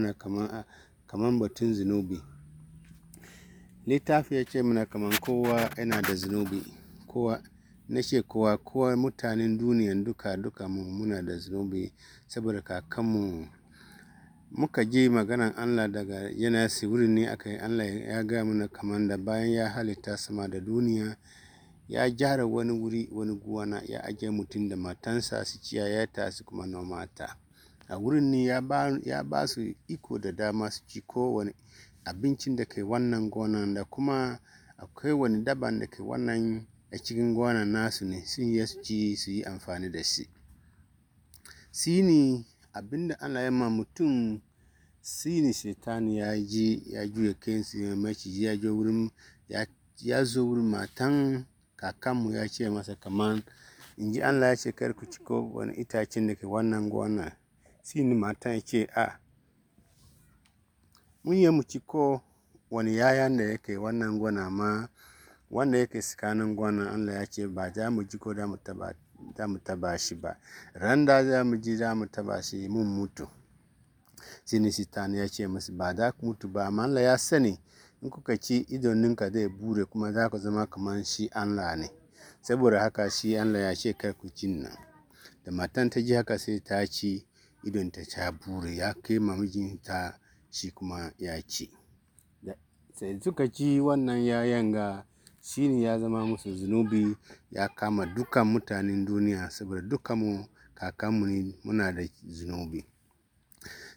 mana ah, kaman, batun zunubi. Littafi ya ce mana kaman kowa yana da zunubi. Kowa, na ce kowa, kowa mutanen duniyan duka duka mu muna da zunubi saboda kakanmu muka ji maganan Allah daga Yanasi wuri ne aka yi Allah ya ga mana kaman da bayan ya halitta sama da duniya, ya gyara wani wuri wani guwana ya ajiye mutum da matansa su ciyayata su kuma nomata. a wurin ne ya ba su iko da dama su ci kowane abincin da ke wannan gonan da kuma akwai wani daban da ke wannan a cikin gonan nasu ne sun iya su ci su yi amfani da shi sini abinda ana ya ma mutum ne shaitani ya ji ya juya kayansu ya mace ya zo wurin ya zo wurin matan kakanmu ya ce masa kaman in ji Allah ya ce kar ku ci ko wani itacin da ke wannan gonar sini mata matan ce, a, mun yi mu ciko wani yayan da yake wannan gona ma wanda yake tsakanin gona Allah ya ce ba za mu jiko da mu taba za mu shi ba ran da za mu ji za mu taba shi mun mutu sini sitani ya ce musu ba za ku mutu ba amma Allah ya sani in kuka ci idoninka zai bure kuma za ku zama kamar shi Allah ne saboda haka shi Allah ya ce kar ku cin nan da matan ta ji haka sai ta ci idonta ta bure ya kai ma ta shi kuma ya ci. Sai suka ci wannan 'ya'yan ga ne ya zama musu zunubi ya kama dukkan mutanen duniya saboda dukanmu kakanmu ne muna da zunubi.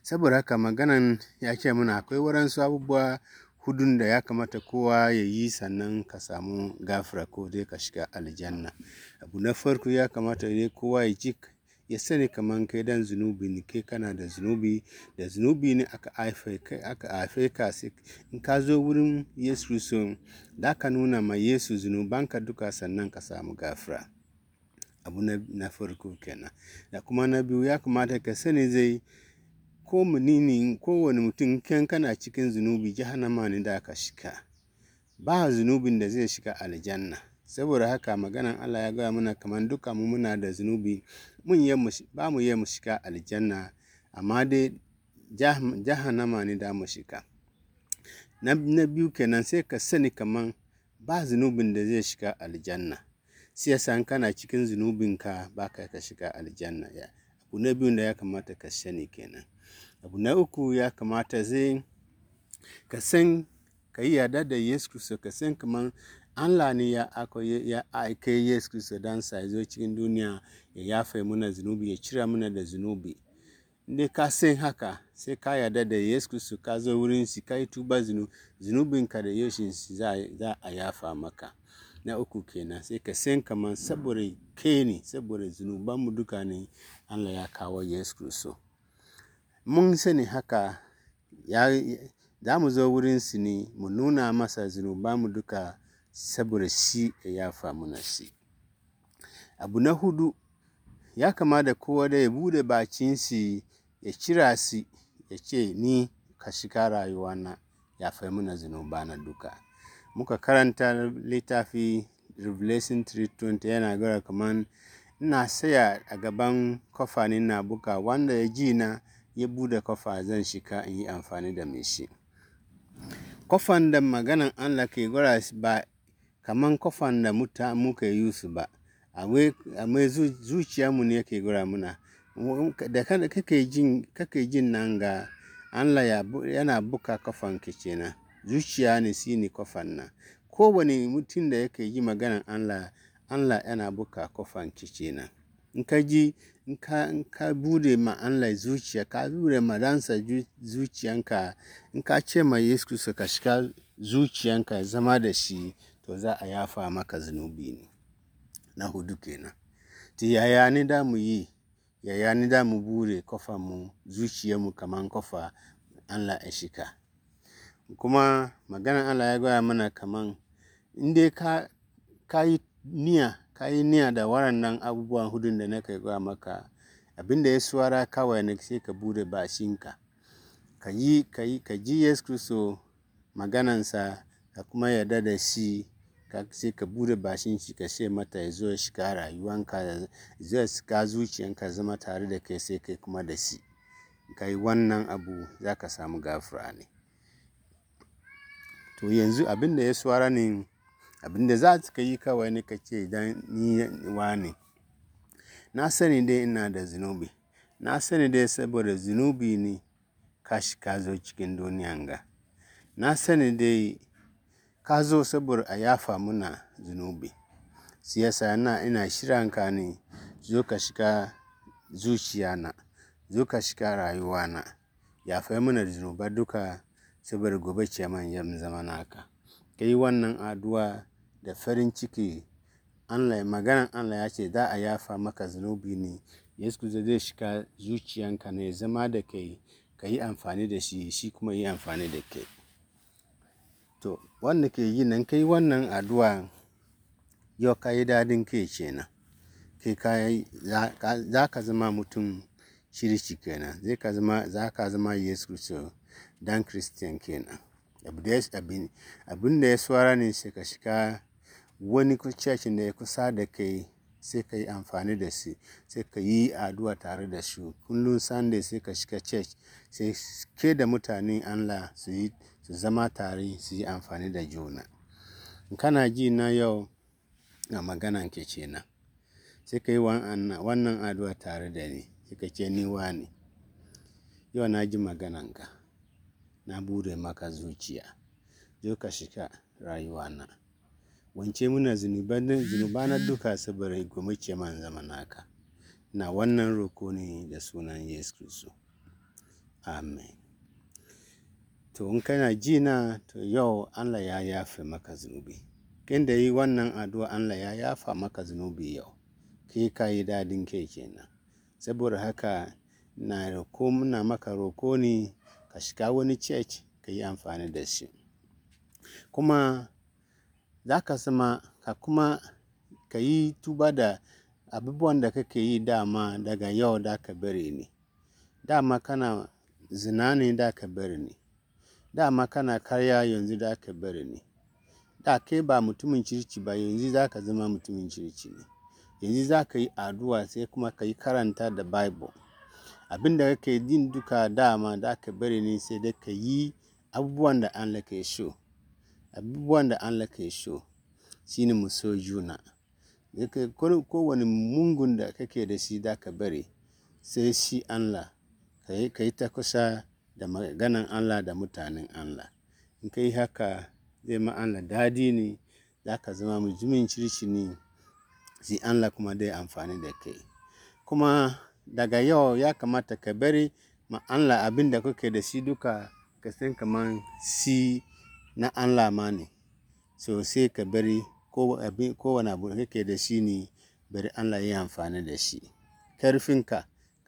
Saboda haka maganan ya ce mana akwai waransu abubuwa hudun da ya kamata kowa ya yi sannan ka samu gafara ko dai ka shiga aljanna. Abu na farko ya kamata dai kowa ya ji ya sani kamar kai dan zunubi ne kai kana da zunubi da zunubi ne aka haife aka haife ka in ka zo wurin Yesu so da ka nuna ma Yesu zunubanka duka sannan ka samu gafara abu na farko kenan da kuma na biyu ya kamata ka sani zai ko ko wani mutum kan kana cikin zunubi jahannama ne da ka shika ba zunubin da zai shiga aljanna saboda haka maganan Allah ya gaya mana kamar duka mu muna da zunubi mun yi ba mu yi mushika aljanna amma dai jahannama ne da mu shika na biyu kenan sai ka sani kaman ba zunubin da zai shiga aljanna sai ya san kana cikin zunubinka ba ka ka shiga aljanna ya abu na biyu da ya kamata ka sani kenan abu na uku ya kamata zai ka san ka yi yarda da Yesu kristo ka san kamar Allah ne ya aika Yesu kristo don sa zo cikin duniya ya yafe muna zunubi ya cire muna da zunubi ne ka san haka sai ka yarda da Yesu kristo ka zo wurin shi ka yi tuba ka da yoshin za a yafa maka na uku kenan sai ka san kamar saboda ke ne saboda mu duka ne Allah ya kawo Yesu kristo mun sani haka za mu zo su ne mu nuna masa mu duka saboda shi ya famu na shi. Abu na hudu, ya kamata kowa da ya buɗe bakinsa ya cira shi ya ce ni ka shiga famu na zinuba na duka. Muka karanta littafi Revelation 3:20 yana gara kama ina saya a gaban kofa ne ina buka wanda ya ji na ya bude kofa zan shika in yi amfani da mai shi. kofan da maganan Allah ke gwada ba kaman kofan da muta muka yi su ba zuciya zuciyarmu ne yake gura muna da kake jin jin nan ga Allah laya yana buka kofan ki kenan zuciya ne si ne kofan nan kowane mutum da yake yi maganan Allah Allah yana buka kofan ki kenan In ka ji in ka, ka bude ma Allah zuciya, ka bude ma ransa zuciyanka, in ka ce ma Yesu ka shiga zuciyanka ya zama da shi, to za a yafa maka zunubi ne. Na hudu kenan. To yaya ni da mu yi? Yaya ni da mu bude kofa mu, zuciya mu kaman kofa Allah ya ka Kuma maganan Allah ya gaya mana kaman in dai ka, ka yi niyya ka yi niyya da waɗannan abubuwan hudun da na kai gwa maka abin da ya suwara kawai na sai ka bude bashinka ka yi ka yi ka ji yesu kristo maganansa ka kuma yarda da shi ka sai ka bude bashin shi ka ce mata ya zo ya shiga rayuwanka zai shiga zuciyanka zama tare da kai sai kai kuma da shi ka yi wannan abu za ka samu gafura ne to yanzu abinda da ya suwara ne abinda za ka yi kawai ne ka ce idan ni ne na sani dai ina da zunubi na sani dai saboda zunubi ne ka shi ka zo cikin duniyan ga na sani dai ka zo saboda a yafa muna zunubi siyasa na ina shirin ka ne zo ka shiga zuciya na zo ka shiga rayuwa na yafa mana zinubar duka saboda gobe ce man zama naka ka yi wannan aduwa. da farin ciki. Allah, maganan Allah ya ce za a yafa maka zunubi ne. Yesu zai shiga zuciyanka ne, zama da kai, ka yi amfani da shi, shi kuma yi amfani da kai. To, wanda ke yi nan kai wannan addu'a, yau ka yi dadin kai kenan. Kai ka yi, za ka zama mutum kirki kenan. Zai ka zama, za ka zama Yesu Kiristi dan Kiristiyan kenan. Abin da ya saura ne sai ka shiga wani cocin da ya kusa da kai sai ka yi amfani da su, sai ka yi addu'a tare da su kullum sunday sai ka shiga church sai ke da mutanen allah su yi su zama tare su yi amfani da juna kana ji na yau na magana ke ce na, sai ka yi wannan addu'a tare da ni sai ka ce ni wani yau na ji magananka na bude maka zuciya zo ka shiga na. wance muna zunubana duka saboda gwamnati man zama naka na wannan roko ne da sunan yesu kristo amen to in kana ji na to yau allah ya yafe maka zunubi kin da yi wannan addu'a allah ya yafa maka zunubi yau ke ka yi dadin kai kenan saboda haka na roko muna maka roko ne ka shiga wani church ka yi amfani da shi kuma za ka zama ka kuma ka yi tuba da abubuwan da kake yi dama daga yau da ka bari ne dama kana zina ne da ka bari ne dama kana karya yanzu da ka bari ne da kai ba mutumin kirki ba yanzu za ka zama mutumin kirki ne yanzu za ka yi addu'a sai kuma ka yi karanta da bible abin da kake yin duka dama da ka bari ne sai da ka yi abubuwan da an lake so Abubuwan da Allah ke so shine mu so juna. Kowane mungun da kake da shi za ka bari sai shi Allah. Ka yi ta kusa da maganan Allah da mutanen Allah. In ka yi haka zai ma Allah dadi ne, za ka zama mutumin kirki ne, sai Allah kuma dai amfani da kai. Kuma daga yau ya kamata ka bari ma Allah abin da kake da shi duka ka san kamar shi na an ma ne so sai ka bari kowane abu da kake da shi ne bari Allah ya yi amfani da shi karfinka